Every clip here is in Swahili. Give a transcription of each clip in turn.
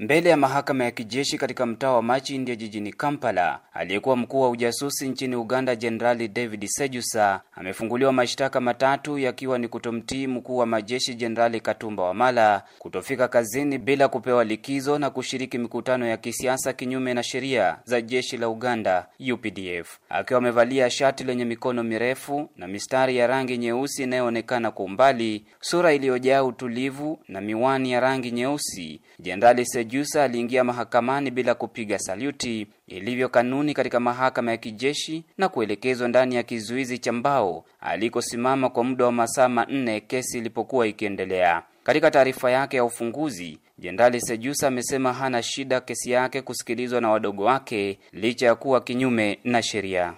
mbele ya mahakama ya kijeshi katika mtaa wa Makindye jijini Kampala. Aliyekuwa mkuu wa ujasusi nchini Uganda Jenerali David Sejusa amefunguliwa mashtaka matatu yakiwa ni kutomtii mkuu wa majeshi Jenerali Katumba Wamala, kutofika kazini bila kupewa likizo na kushiriki mikutano ya kisiasa kinyume na sheria za jeshi la Uganda UPDF. Akiwa amevalia shati lenye mikono mirefu na mistari ya rangi nyeusi inayoonekana kwa umbali, sura iliyojaa utulivu na miwani ya rangi nyeusi, Jenerali Mejusa aliingia mahakamani bila kupiga saluti ilivyo kanuni katika mahakama ya kijeshi na kuelekezwa ndani ya kizuizi cha mbao alikosimama kwa muda wa masaa manne kesi ilipokuwa ikiendelea. Katika taarifa yake ya ufunguzi, Jenerali Sejusa amesema hana shida kesi yake kusikilizwa na wadogo wake licha ya kuwa kinyume na sheria.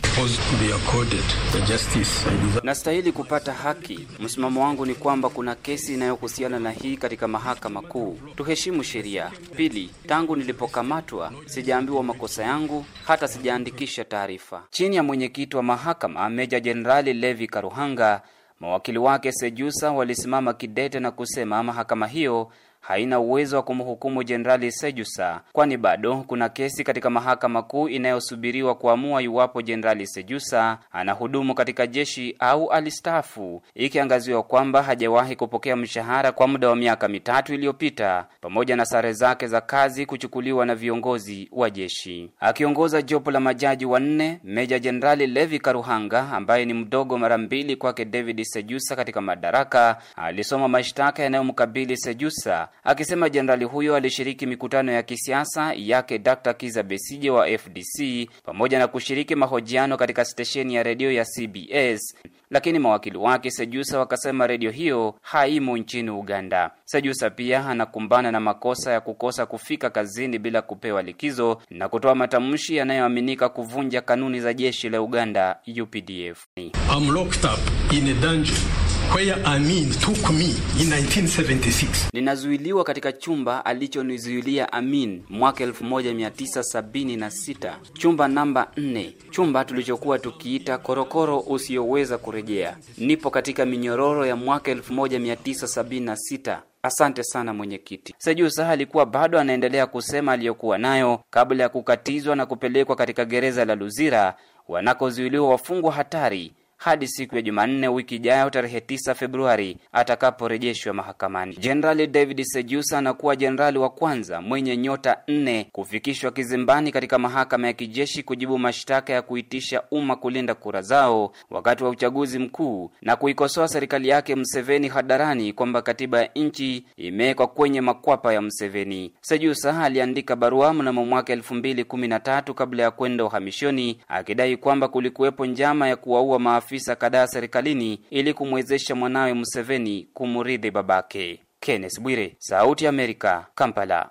Nastahili kupata haki. Msimamo wangu ni kwamba kuna kesi inayohusiana na hii katika mahakama kuu. Tuheshimu sheria. Pili, tangu nilipokamatwa sijaambiwa makosa yangu, hata sijaandikisha taarifa. Chini ya mwenyekiti wa mahakama Meja Jenerali Levi Karuhanga, mawakili wake Sejusa walisimama kidete na kusema mahakama hiyo haina uwezo wa kumhukumu Jenerali Sejusa kwani bado kuna kesi katika mahakama kuu inayosubiriwa kuamua iwapo Jenerali Sejusa anahudumu katika jeshi au alistaafu, ikiangaziwa kwamba hajawahi kupokea mshahara kwa muda wa miaka mitatu iliyopita, pamoja na sare zake za kazi kuchukuliwa na viongozi wa jeshi. Akiongoza jopo la majaji wanne, Meja Jenerali Levi Karuhanga ambaye ni mdogo mara mbili kwake David Sejusa katika madaraka, alisoma mashtaka yanayomkabili Sejusa akisema jenerali huyo alishiriki mikutano ya kisiasa yake Dr. Kiza Besije wa FDC pamoja na kushiriki mahojiano katika stesheni ya redio ya CBS, lakini mawakili wake Sejusa wakasema redio hiyo haimo nchini Uganda. Sejusa pia anakumbana na makosa ya kukosa kufika kazini bila kupewa likizo na kutoa matamshi yanayoaminika kuvunja kanuni za jeshi la Uganda UPDF. I'm locked up in a dungeon where Amin took me in 1976. Ninazuiliwa katika chumba alichonizuilia Amin mwaka 1976, chumba namba 4, chumba tulichokuwa tukiita korokoro usiyoweza kurejea. Nipo katika minyororo ya mwaka 1976. Asante sana mwenyekiti. Sejusa alikuwa bado anaendelea kusema aliyokuwa nayo kabla ya kukatizwa na kupelekwa katika gereza la Luzira wanakozuiliwa wafungwa hatari hadi siku ya Jumanne wiki ijayo tarehe 9 Februari atakaporejeshwa mahakamani. Jenerali David Sejusa anakuwa jenerali wa kwanza mwenye nyota nne kufikishwa kizimbani katika mahakama ya kijeshi kujibu mashtaka ya kuitisha umma kulinda kura zao wakati wa uchaguzi mkuu na kuikosoa serikali yake Mseveni hadharani kwamba katiba ya nchi imewekwa kwenye makwapa ya Mseveni. Sejusa aliandika barua mnamo mwaka 2013 kabla ya kwenda uhamishoni akidai kwamba kulikuwepo njama ya kuwaua maafisa maafisa kadhaa serikalini ili kumwezesha mwanawe Museveni kumuridhi babake. Kenneth Bwire, Sauti ya Amerika, Kampala.